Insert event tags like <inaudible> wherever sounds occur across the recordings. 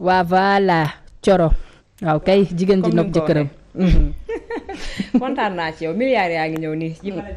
waa voilà coro waaw kay jigéen ji nopp jëkkëram <laughs> kontaan naa ci yow milliards yaa ngi ñëw nii mm. yi mala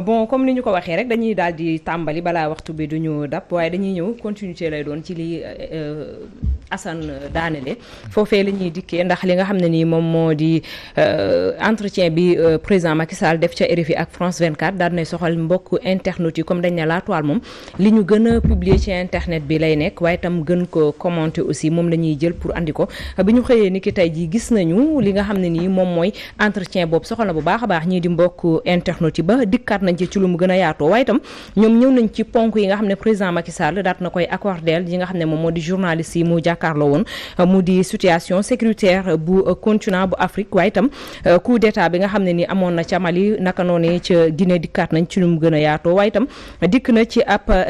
mm. bon comme ni ñu ko waxee rek dañuy daal di tàmbali balaa waxtu bi du ñu dab waaye dañuy ñëw continuité lay doon ci lii euh, Assane euh, daanele foofee la ñuy dikkee ndax li nga xam ne nii moom moo di euh, entretien bi euh, président Macky Sall def ca RFI ak France 24 soxal mbokk internet yi comme dañ ne la toile moom li ñu gën a publier ci internet bi lay nekk waaye itam gën ko commenter aussi moom la ñuy jël pour andi ko bi ñu xëyee ni tey jii gis nañu li nga xam ne nii moom mooy entretien boobu soxal bu baax a baax ñii di mbokk internet yi ba dikkaat ci ci lu mu gën a yaatoo waaye ñoom ñëw nañ yi nga xam ne président Macky Sall daat na koy accordeel yi nga xam ne moom moo di journaliste yi mu jàpp jàkkaarloo woon euh, mu di situation sécuritaire bu euh, continent bu Afrique waaye itam euh, coup d'état bi nga xam ne ni amoon na ca Mali naka noonee ca Guinée dikkaat ci nu mu gën a yaatoo waaye itam na ci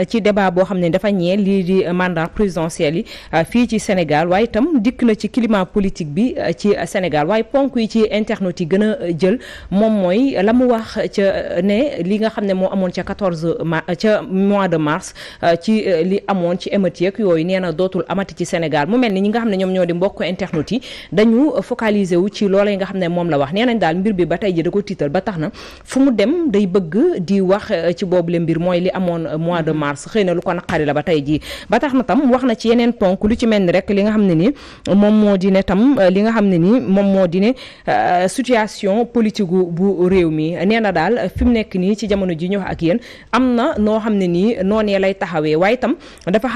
ci débat boo xam ne dafa ñeel lii di mandat présidentiel yi fii ci Sénégal waaye itam dikk na ci climat politique bi ci Sénégal waaye ponk yi ci internautes yi gën a jël moom mooy la mu wax ca ne li nga xam ne moo amoon ca 14 ma ca mois de mars ci li amoon ci émeute yooyu nee dootul amati ci Sénégal Sénégal mu mel ni ñi nga xam ne ñoom ñoo di mbokk internet yi dañu focaliser wu ci loola yi nga xam ne moom la wax nee nañ daal mbir bi ba tey ji da ko tiital ba tax na fu mu dem day bëgg di wax euh, ci boobu le mbir mooy li amoon euh, mois de mars xëy na lu ko naqari la ba tey jii ba tax na tam wax na ci yeneen ponk lu ci mel ni rek li nga xam ne ni moom moo di ne tam euh, li nga xam ne ni moom moo di ne situation politique bu réew mi nee na daal fi mu nekk nii ci jamono ji ñu ak yéen am na noo xam ne nii noonee lay taxawee waaye tam dafa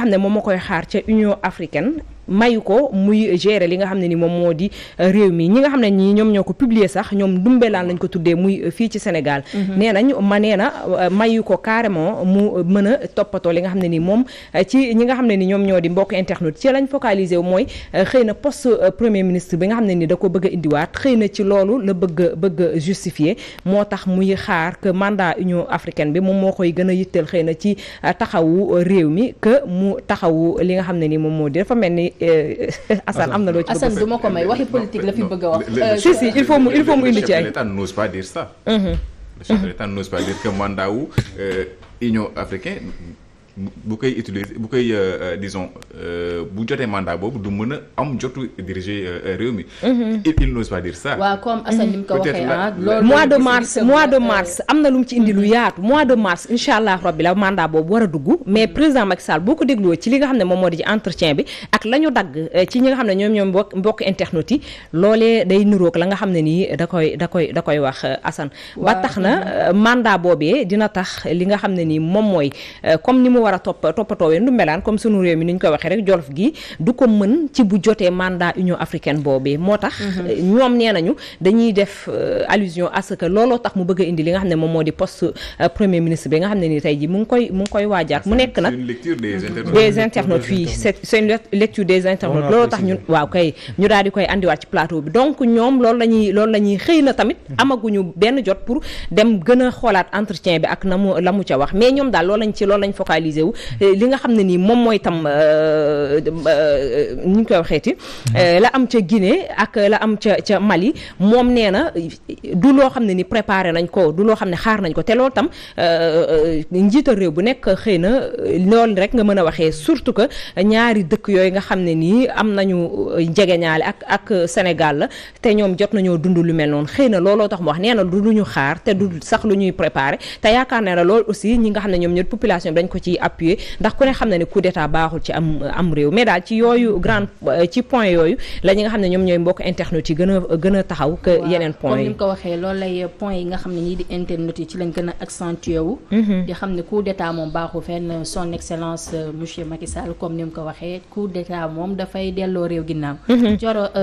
nga xam ne moom ma koy xaar ca Union africaine mayu ko muy gérer li nga xam ne ni moom moo di euh, réew mi ñi nga xam ne ñi ñoom ñoo ko publier sax ñoom dumbelaan lañ ko tuddee muy euh, fii ci Sénégal mhm. nee nañ ma nee na euh, mayu ko carrément mu mën a toppatoo li nga xam ne ni moom ci ñi nga xam ne ni ñoom ñoo di mbokk internet ci lañ focaliser wu mooy xëy na poste premier ministre bi nga xam ne ni da bëgg a xëy na ci loolu la bëgg bëgg a moo tax muy xaar que mandat Union bi moom moo koy gën a yitteel xëy na ci taxawu réew mi mu taxawu li nga xam ne ni moom moo di dafa mel ni Eh, Assane am na loo ci Assane du ma ko may waxi politique la fi bëgg a wax. Euh, si si il faut mu il faut mu indi ay. Mhm. le chef euh, Union africaine. bu koy utiliser bu koy euh, euh, disons euh, bu jotee mandat boobu du mën am jotu diriger réew mi. Mhm. il n'ose pas dire ça. waaw comme Assane ni mu ko waxee ah. loolu mois de mars mois de mars am na lu mu ci indi lu mhm. yaatu mois de mars incha allah rabbi la mandat boobu war a dugg mais mhm. président Macky Sall boo ko dégloo ci li nga xam ne moom moo di ci entretien bi ak la ñu dagg ci ñi nga xam ne ñoom ñoom mbokk mbokk internautes yi loolee day niroog la nga xam ne nii da koy da koy da koy wax Assane. ba tax na mandat boobee dina tax li nga xam ne nii moom mooy comme ni mu war war a topp toppatoowee nu melaan comme sunu réew mi ni ñu koy waxee rek jolof gi du ko mën ci bu jotee mandat union africaine boobee moo tax mhm. euh, ñoom nee dañuy def euh, allusion à looloo tax mu bëgg a indi li nga xam ne euh, bi nga xam ne ni tey ji mu ngi koy waajaat mu nekk nag des internautes fii c'est une lecture des internautes looloo tax ñu waaw kay ñu daal di koy andiwaat ci plateau bi donc ñoom loolu la ñuy loolu la xëy na tamit mhm. amaguñu benn jot pour dem gën a xoolaat entretien bi radicaliser euh, li nga xam ne nii moom mooy tam euh, euh, ni ñu koy waxeeti la am ca Guinée ak la am ca ca Mali moom nee na du loo xam ne ni préparé nañ ko du loo xam ne xaar nañ ko te loolu tam njiital réew bu nekk xëy na loolu rek nga mën a waxee surtout que ñaari dëkk yooyu nga xam ne nii am nañu jegeñaale ak ak Sénégal la te ñoom jot nañoo dund lu mel noonu xëy na looloo tax mu wax nee du lu ñu xaar te du sax lu ñuy préparé te yaakaar ne la loolu aussi ñi nga xam ne ñoom appuyer ndax ku ne xam na ne coup d'état baaxul ci am réew mais daal ci yooyu grand euh, ci point yooyu la nga xam ne ñoom ñooy mbokk internet yi gën a gën a taxaw que yeneen point yi comme euh, yi nga xam ne ñii di internet yi ci lañ gën a accentué wu mhm. di xam ne coup d'état moom baaxul fenn son excellence euh, monsieur Macky Sall comme ni mu ko waxee coup d'état moom dafay delloo réew ginnaaw mhm.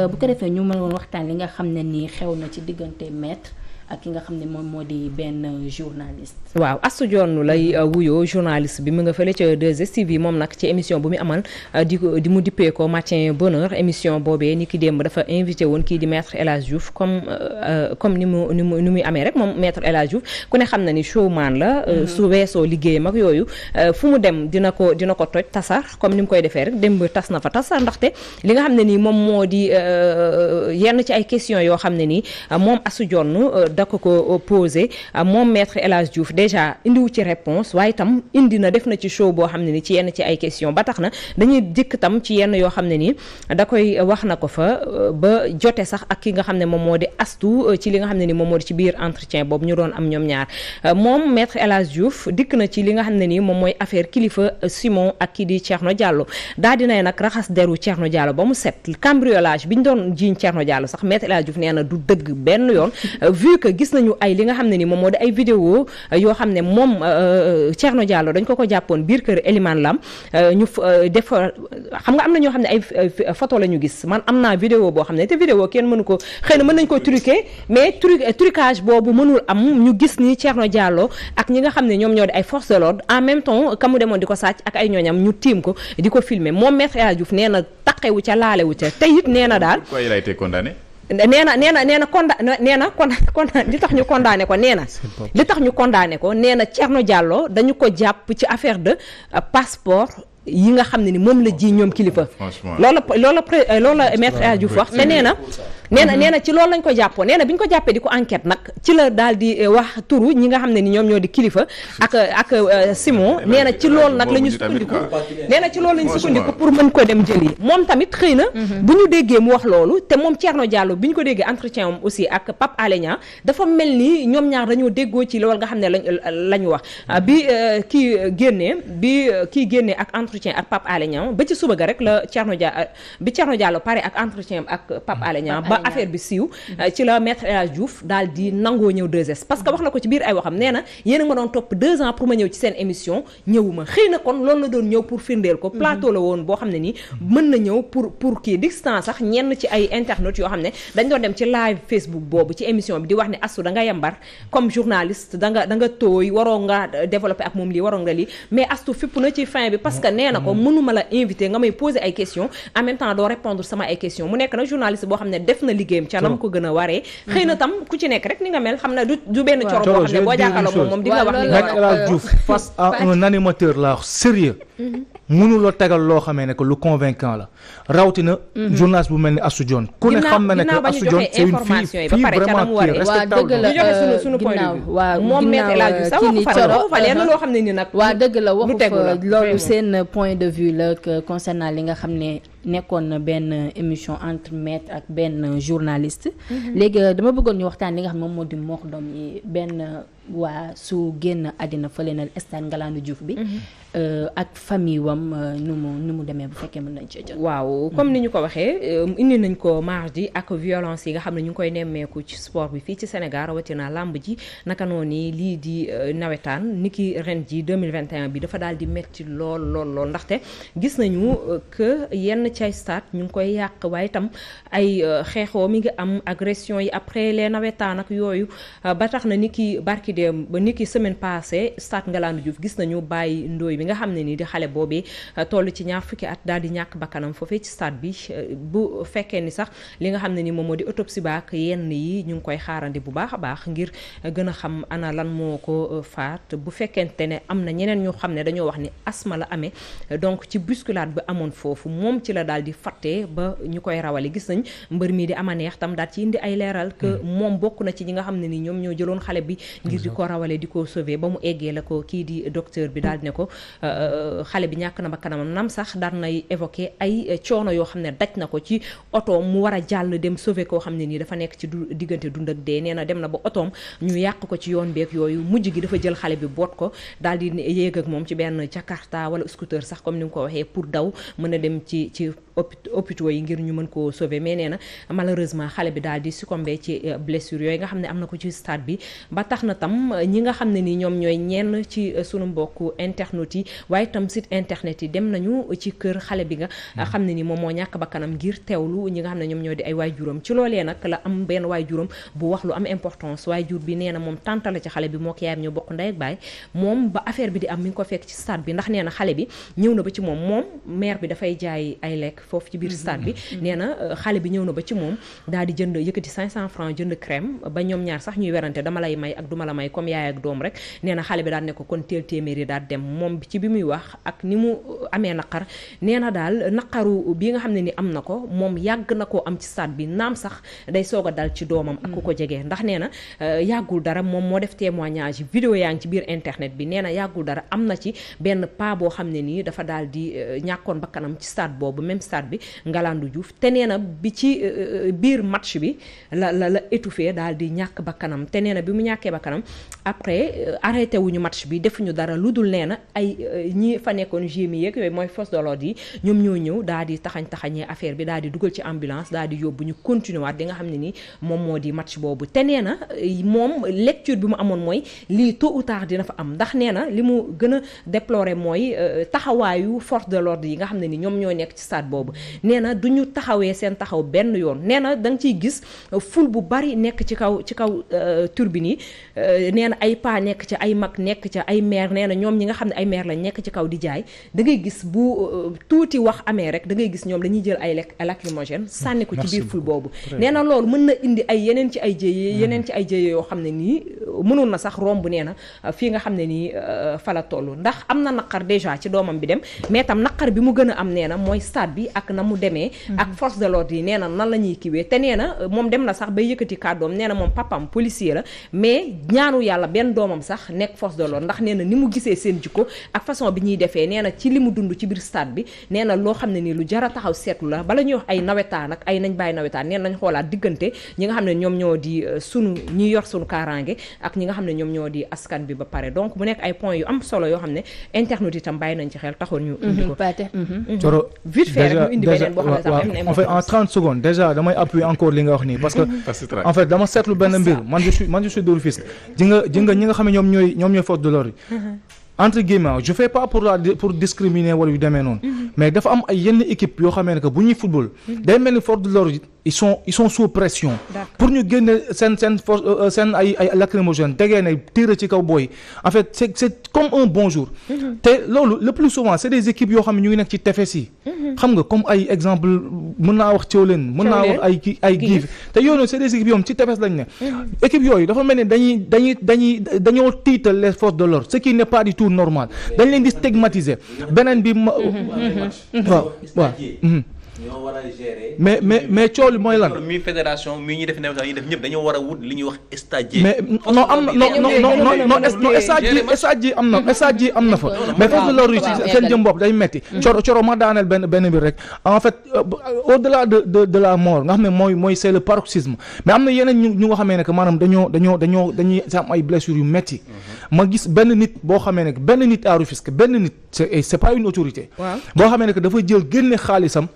bu ko ñu mën woon waxtaan li nga xam ne nii xew na ci diggante maître ak ki nga xam ne moom moo di benn journaliste. waaw Astou Dione lay euh, wuyoo journaliste bi mu nga fële ca 2STV moom nag ci émission bu muy amal euh, di di mu dippee ko matin boneur émission boobee ni ki démb dafa invité woon kii di maître El Hadj Diouf euh, comme ni mu ni mu ni muy amee rek moom maître El Hadj Diouf ku ne xam na ni showman la. Mhm. su weesoo liggéeyam ak yooyu fu mu dem dina ko dina ko toj tasar comme ni mu koy defee rek démb tas na fa tasar ndaxte li nga xam ne nii moom moo di yenn ci ay question yoo xam ne nii moom Astou da ko ko euh, posé euh, moom maître El Hadj Diouf déjà indiwu ci réponse waaye tam indi na def na ci show boo xam ne ni ci yenn ci ay question ba tax na dañuy jëkk tam ci yenn yoo xam ne ni da koy wax na ko fa euh, ba jote sax ak ki nga xam ne moom moo di astu ci li nga xam ne ni moom moo di ci biir entretien boobu ñu doon am ñoom ñaar moom maître El Hadj dikk na ci li nga xam ne ni moom mooy affaire kilifa Simon ak kii di Thierno Diallo daa dinay nag raxas deru Thierno Diallo ba mu set cambriolage bi ñu doon jiiñ Thierno Diallo sax maître El Hadj Diouf nee na du dëgg benn yoon <laughs> que gis nañu ay li nga xam ne ni moom moo di ay vidéo euh, yoo xam ne moom euh, euh, Thierno Diallo dañ ko ko jàppoon biir kër Elimane Lam ñu def xam nga am na ñoo xam ne ay photo la ñu gis man am naa vidéo boo xam ne te vidéo kenn mënu ko xëy na mën nañ ko truquer mais tru trucage boobu mënul am ñu gis ni Thierno Diallo ak ñi nga xam ne ñoom ñoo di ay force de l'ordre en même temps ka demoon di ko sàcc ak ay ñooñam ñu tiim ko di ko filmer moom maître El Hadj Diouf nee na taqewu ca laalewu ca te it nee na daal. nee na nee na nee na conda nee na kon <laughs> kon li tax ñu condamné ko nee na li tax ñu condamné ko nee na Thierno Diallo dañu ko jàpp ci affaire de euh, passeport yi nga xam ne ni moom la ji ñoom kilifa loolu loolu euh, loolu maître Diouf te nee na nee na mhm. nee na ci loolu lañ ko jàppoo nee na bi ñu ko jàppee di ko enquête nag ci la daal di euh, wax turu ñi nga xam ne ni ñoom ñoo di kilifa ak euh, Simon ah. nee na ci loolu nag la ñu sukkandiku nee ci loolu la ñu sukkandiku pour mën ko dem jëli moom tamit xëy na mhm. bu ñu déggee mu wax loolu te moom Thierno Diallo bi ñu ko déggee entretien aussi ak pap Alé Niang dafa mel ni ñoom ñaar dañoo déggoo ci loolu nga xam ne lañ la ñu wax mhm. ah, bi euh, kii génnee bi kii génnee ak entretien ak Pape ba ci suba ga rek la Thierno Diallo bi Thierno Diallo pare ak entretien ak pap Alé Niang ba euh, affaire bi siiw euh, ci la maître El Hadj Diouf di nangoo ñëw 2S parce que wax na ko ci biir ay waxam nee na a ma doon topp deux ans pour ma ñëw ci seen émission ñëwuma xëy na kon loolu la doon ñëw pour firndeel ko mhm. plateau la woon boo xam ne nii mën na ñëw pour kii distance sax ñenn ci ay internautes yoo xam ne dañ doon dem ci live Facebook boobu ci émission bi di wax ne Astou da yambar comme journaliste da tooy waroo nga euh, développé ak moom lii na liggéeyam ca nam ko gën a waree xëy na tam ku ci nekk rek ni nga mel xam na du du benn coro boo xam ne boo jàkkaarloo moom moom di nga wax ni nga face à un animateur là sérieux mm-hmm. mënuloo tegal loo xamee ne que lu convaincant la rawatina. Mhm. journaliste bu mel ni Astou Dione. ku ne xam na ne que Astou Dione c'est une fille fille vraiment qui est respectable. waaw dëgg la euh, ginnaaw waaw ginnaaw kii euh, nii dëgg la waxu fa loolu seen point de vue la concernant li nga xam ne nekkoon na benn émission entre maître ak benn journaliste. Mhm. léegi euh, dama bëggoon ñu waxtaan li nga xam ne moom moo di moox doom yi benn. waa su génn àddina fële na stade Ngalandou Diouf bi. Mhm. Euh, ak famille wam euh, nu mu nu mu demee bu fekkee mën nañ cee jot. waaw comme ni ñu ko waxee euh, indi nañ ko mardi ak violence yi nga xam ne ñu ngi koy nemmeeku ci sport bi fii ci Sénégal rawatina làmb ji naka noonu ni lii di nawetaan ki ren ji 2021 bi dafa daal di metti lool lool lool ndaxte gis nañu que yenn ca stade ñu ngi koy yàq waaye itam ay xeexoo mi ngi am agression yi après lee nawetaan ak yooyu ba tax na niki dem ba niki semaine passée stade Ngalandou Diouf gis nañu bàyyi ndooy bi nga xam ne nii di xale boobee euh, toll ci ñaar fukki at daal di ñàkk bakkanam foofee ci stade bi euh, bu fekkee ni sax li nga xam ne ni moom moo di autopsie baak yenn yi ñu ngi koy xaarandi bu baax a baax ngir euh, gën a xam ana lan moo ko faat bu fekkente ne am na ñeneen ñu xam ne dañoo wax ni asma la amee donc ci bousculade bi amoon foofu moom ci la daal di fattee ba ñu koy rawale gis nañ mbër mii di neex tam daal ci indi ay leeral que mm. moom bokk na ci ñi nga xam ne ni ñoom ñoo jëloon xale bi ngir di ko rawale di ko sauver ba mu eggee la ko kii di docteur bi daal di ne ko euh, euh, xale bi ñàkk na ba kanamam nam sax daan nay évoqué ay coono yoo xam ne daj na ko ci otoom mu war a jàll dem sauver koo xam ne nii dafa nekk ci du diggante dund ak dee nee na dem na ba otoom ñu yàq ko ci yoon beeg yooyu mujj gi dafa jël xale bi boot ko daal di yéeg ak moom ci benn jakarta wala scooter sax comme ni nga ko waxee pour daw mën a dem ci ci hôpitaux yi ngir ñu mën koo sauver mais nee na malheureusement xale bi daal di succombé ci euh, blessure yooyu nga xam ne am na ko ci stade bi ba tax na tam euh, ñi nga xam ne ni ñoom ñooy ñenn ci euh, sunu mbokku internet yi waaye tam site internet yi dem nañu ci kër xale bi nga hmm. xam ne ni moom moo ñàkk bakkanam ngir teewlu ñi nga xam ne ñoom ñoo di ay waay juróom ci loolee nag la am benn waajuram bu wax lu am importance jur bi nee na moom tànta la ci xale bi moo ko yaayam ñoo bokk ndey ak baay moom ba affaire bi di am mi ngi ko fekk ci stade bi ndax nee na xale bi ñëw na ba ci moom moom maire bi dafay jaay ay lekk foofu ci biir mhm. stade bi mhm. nee na euh, xale bi ñëw na ba ci moom daal di jënd yëkkati 500 francs jënd crème ba ñoom ñaar sax ñuy werante dama lay may ak duma la may comme yaay ak doom rek nee na xale bi daal ne ko kon teel téeméeri daal dem moom ci bi muy wax ak ni mu euh, amee naqar nee na daal naqaru bi nga xam ne ni am na ko moom yàgg na koo am ci stade bi naam sax day soog a dal ci doomam ak ku ko mhm. jegee ndax nee na euh, yàggul dara moom moo def témoignage vidéo yaa ngi ci biir internet bi nee na yàggul dara am na ci benn pa boo xam ne nii dafa daal di ñàkkoon bakkanam ci stade stade bi Ngalandou Diouf te nee na bi ci euh, euh, biir match bi la la la étouffé daal di ñàkk bakkanam te nee bi mu ñàkkee bakkanam après euh, arrêté match bi defuñu dara lu dul nee na ay ñi fa nekkoon GMI yeeg yooyu mooy force de l'ordre yi ñoom ñoo ñëw daal di taxañ taxañee affaire bi daal di dugal ci ambulance daal di yóbbu ñu continuer waat di nga xam ne ni moom moo di match boobu te nee moom lecture bi mu amoon mooy lii tôt ou tard dina fa am ndax nee li mu gën a déplorer mooy taxawaayu force de l'ordre boobu nee na du ñu taxawee seen taxaw benn yoon nee na da nga ciy gis ful bu bari nekk ci kaw ci kaw euh, turbine yi euh, nee na ay paa nekk ca ay mag nekk ca ay maire nee na ñoom ñi nga xam ne ay maire lañ nekk ci kaw di jaay da ngay gis bu euh, tuuti wax amee rek da ngay gis ñoom dañuy jël ay lekk lacrymogène hmm. sànni ko ci biir ful boobu neena na loolu mën na indi ay yeneen ci ay jéyee hmm. yeneen ci ay jéyee yoo xam ne nii mënoon na sax romb nee na fii nga xam ne nii fa la toll ndax am na naqar déjà ci doomam bi dem mais tam naqar bi mu gën a am nee na mooy stade yi ak na mu demee mhm. ak force de l'ordre yi nee na nan la ñuy kiwee te nee na euh, moom dem na sax bay yëkkati kàddoom nee na moom papam policier la mais ñaanu yàlla benn doomam sax nekk force de l'ordre ndax nee na ni mu gisee seen jikko ak façon bi ñuy defee nee na ci li mu dund ci biir stade bi nee na loo xam ne ni lu jara taxaw seetlu la bala ñuy wax ay nawetaan ak ay nañ bàyyi nawetaan nee nañ xoolaat diggante ñi nga xam ne ñoom ñoo di euh, sunu ñi yor sunu kaaraange ak ñi nga xam ne ñoom ñoo di askan bi ba pare donc mu nekk ay points yu am solo yoo xam ne internet itam bàyyi nañ ci xel taxoon ñu déjà en fait en 30 secondes déjà damay appuyer encore li nga wax parce que. <laughs> en fait dama seetlu benn mbir man je suis man je suis de Rufisque. ñoom ñooy ñoom ñooy <laughs> entre guillemets je fais pas pour discriminer wala yu demee noonu. Mhm. mais dafa am ay yenn équipe yoo xamee ne que bu ñuy football. Mhm. day mel ni force de ils sont ils sont sous pression. pour ñu génne seen seen force euh, euh, seen ay ay lacrymogène degee ne tiire ci kaw booy en fait c' est comme un bonjour. Mm-hmm. te loolu le plus souvent c' est des équipes yoo xam ne ñu ngi nekk ci tefes yi. Mm-hmm. xam nga comme ay exemple mën naa wax Thiolène. mën naa wax ay kii ay giif te yooyu c' est des équipes ci tefes lañ ne. Mm-hmm. équipe yooyu dafa mel ne dañuy dañuy dañuy dañoo tiital les forces de l' ordre ce qui n' est pas du tout normal dañ leen di stigmatiser beneen bi. waaw ñoo mais mais mais coow mooy lan. mi fédération mi ñuy def nawet yi def ñëpp dañoo war a wut li ñuy wax stade. mais non am na non non non non yi am na stade am na fa. mais foofu la ruy ci seen jëm bopp day metti coro coro ma daaneel benn benn bi rek en fait euh, euh, au delà de de de la mort nga xam ne mooy mooy c'est le paroxysme mais am na yeneen ñu ñu nga xamee ne que maanaam dañoo dañoo dañoo dañuy am ay blessures yu metti mhm. ma gis benn nit boo xamee ne benn nit à Rufisque benn nit c'est boo xamee ne dafa jël génne xaalisam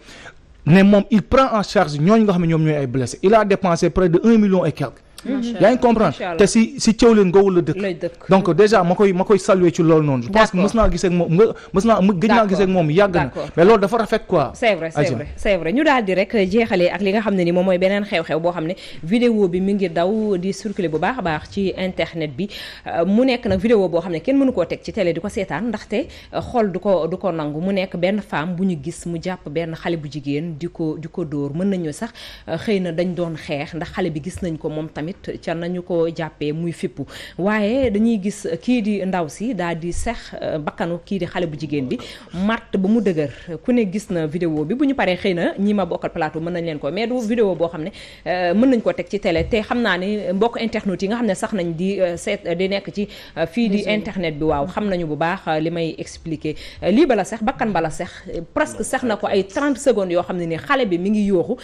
ne moom il prend en charge ñooñu nga xam ne ñoom ay blessé il a dépensé près de un million et quelque yaa ngi comprendre te si si Thiawlène googu la dëkk donc déjà ma koy ma koy saluer ci loolu noonu je pense que mës naa gisee ak moom nga mës naa gëj moom yàgg na mais loolu dafa rafet quoi c'est vrai c'est vrai ñu daal di rek jeexalee ak li nga xam ne ni moom mooy beneen xew-xew boo xam ne vidéo bi mu ngi daw di circuler bu baax a baax ci internet bi euh, mu nekk nag vidéo boo xam ne kenn mënu koo teg ci télé di ko seetaan ndaxte euh, xool du ko du ko nangu mu nekk benn femme bu ñu gis mu jàpp benn xale bu jigéen di ko di ko dóor mën nañu sax euh, xëy na dañ doon xeex ndax xale bi gis nañ ko moom tamit tamit ca nañu ko jàppee muy fippu waaye dañuy gis kii di ndaw si daal di sex euh, bakkanu kii di xale bu jigéen bi matt ba mu dëgër ku ne gis na vidéo bi bu ñu paree xëy na ñi ma bokkal plateau mën nañ leen ko mais du vidéo boo xam ne euh, mën nañ ko teg ci télé te xam naa ni mbokk internet yi nga xam ne sax nañ di euh, seet di nekk ci fii di internet bi waaw xam nañu bu baax li may expliquer lii bala sex bakkan bala sex presque sex na ko ay 30 secondes yoo xam ne ni xale bi mi ngi yooxu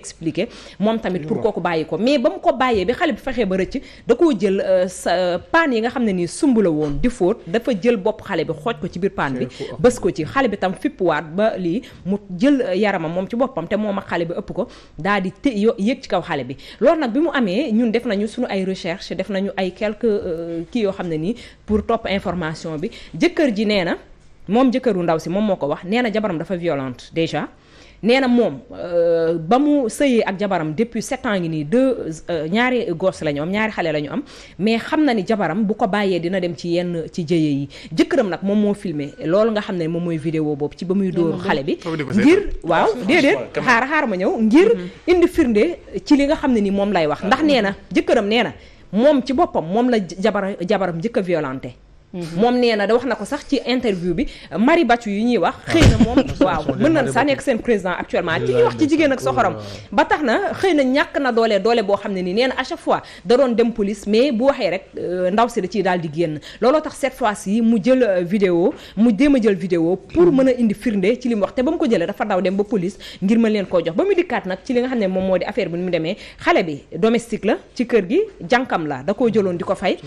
expliqué moom tamit pour kooku bàyyi ko mais ba mu ko bàyyee bi xale bi fexee ba rëcc da koo jël euh, sa euh, paan yi nga xam ne nii sumb la woon di fóot dafa jël bopp xale bi xooj ko ci biir paan bi bës ko ci xale bi tam waat ba lii mu jël euh, yaramam moom ci boppam te moom ak xale bi ëpp ko daal di té yéeg ci kaw xale bi loolu nag bi mu amee ñun def nañu suñu ay recherche def nañu ay quelques kii yoo xam ne nii pour topp information bi jëkkër ji nee na moom jëkkëru ndaw si moom moo ko wax nee na jabaram dafa violente déjà nee na moom euh, ba mu sëyee ak jabaram depuis sept ngi nii deux euh, ñaari gos la ñu am ñaari xale la ñu am mais xam na ni jabaram bu ko bàyyee dina dem ci yenn ci jëye yi jëkkëram nag moom moo filmé loolu nga xam ne moom mooy vidéo boobu ci ba muy dóor xale bi ngir waaw déedéet xaar xaar ma ñëw ngir mhm. indi firnde ci li nga xam ne ni moom lay wax ah, ndax nee na jëkkëram nee na moom ci boppam moom la jabar jabaram njëkk a Mm-hmm. moom nee na da wax na ko sax ci interview bi euh, Marie Bacchou yi ñuy wax xëy na moom <laughs> waaw mën na saa nekk seen président actuellement ci ñuy wax ci jigéen ak soxoram ba tax na xëy na ñàkk na doole doole boo xam ne ni nee na à chaque fois da doon dem police mais bu waxee rek euh, ndaw si da ciy daal di génn looloo tax cette fois ci mu jël euh, vidéo mu jéem a jël vidéo pour mën a indi firnde ci li mu wax te ba mu ko jëlee dafa daw dem ba police ngir mën leen ko jox ba mu dikkaat nag ci li nga xam ne moom moo di affaire bi nu mu demee xale bi domestique la ci kër koo jëloon di ko fay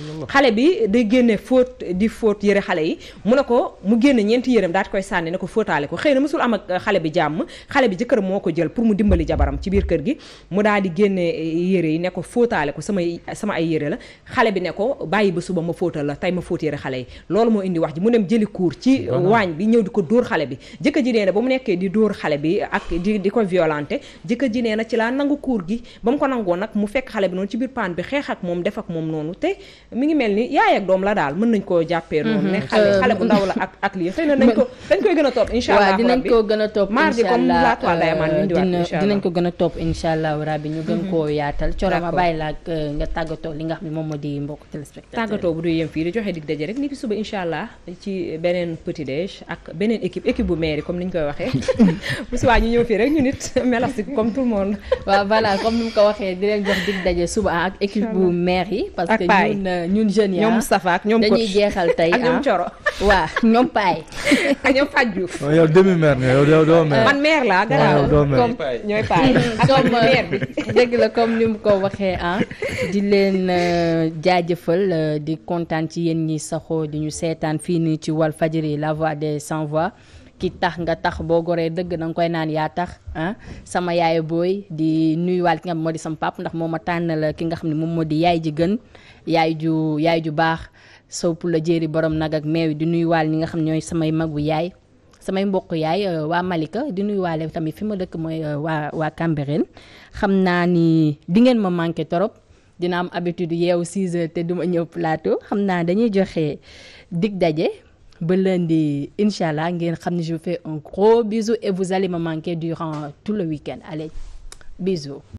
di fóot yëre xale yi mu ne ko mu génn ñeenti yëreem daal di koy sànni ne ko fóotaale ko xëy na mësul am ak xale bi jàmm xale bi jëkkër moo ko jël pour mu dimbali jabaram ci biir kër gi mu daal di génne eh, yëre yi ne ko fóotaale ko sama sama ay yére la xale bi ne ko bàyyi ba suba ma fóotal la tey ma fóot yëre xale yi loolu moo indi wax ji mu dem jëli kuur ci waañ bi ñëw di ko dóor xale bi jëkkër ji nee ba mu nekkee di dóor xale bi ak di di ko violenté jëkkër ji nee na ci laa nangu kuur gi ba mu ko nangoon nag mu fekk xale bi noonu ci biir paan bi xeex ak moom def ak moom noonu te mi ngi mel ni yaay doom la daal mën nañ ko ko jàppee noonu mhm. ne xale euh, xale bu ndaw la ak ak lii xëy na dañ ko dañ koy gën a topp incha allah dinañ ko gën a topp mardi comme la toi dayamaan dinañ ko gën a topp incha ñu gën mhm. koo yaatal coro ma bàyyi laak euh, nga tàggatoo li nga xam ne moom moo di mbokk téléspectateur bu du yem fii di joxe dig daje rek ni ki suba incha ci beneen petit déj ak beneen équipe équipe bu mairie comme ni ñu koy waxee <laughs> bu waa ñu ñëw fii rek ñu nit melasti comme tout le monde waaw voilà comme ni ko waxee di jox dig daje suba ak équipe bu mairie parce que ñun euh, jeexal tey ak ñoom ah. Coro. waaw <laughs> oh, nga doo maire. man maire oh, euh, comme ni mu ko waxee ah di leen euh, jaajëfal euh, di kontaan ci yéen ñi saxoo di ñu seetaan fii nii ci Walf Fadjri la voix des sans tax nga tax boo goree dëgg danga koy naan yaa tax ah sama yaay booy di nuyuwaal ki nga xam moo di sama pap ndax moo ma tànnal ki nga xam ne moom moo di yaay ji gën yaay ju yaay ju baax sow pour la jéeri borom nag ak meew di nuy waal ñi nga xam ñooy samay magu yaay samay mbokk yaay euh, waa Malika di nuy waale tamit fi ma dëkk mooy euh, waa waa Cambérène xam naa ni di ngeen ma manqué torop dina am habitude yeewu 6 heures te duma ñëw plateau xam naa dañuy joxe dig daje ba lundi incha allah ngeen xam ne je vous fais un gros bisou et vous allez me manquer durant tout le week-end allez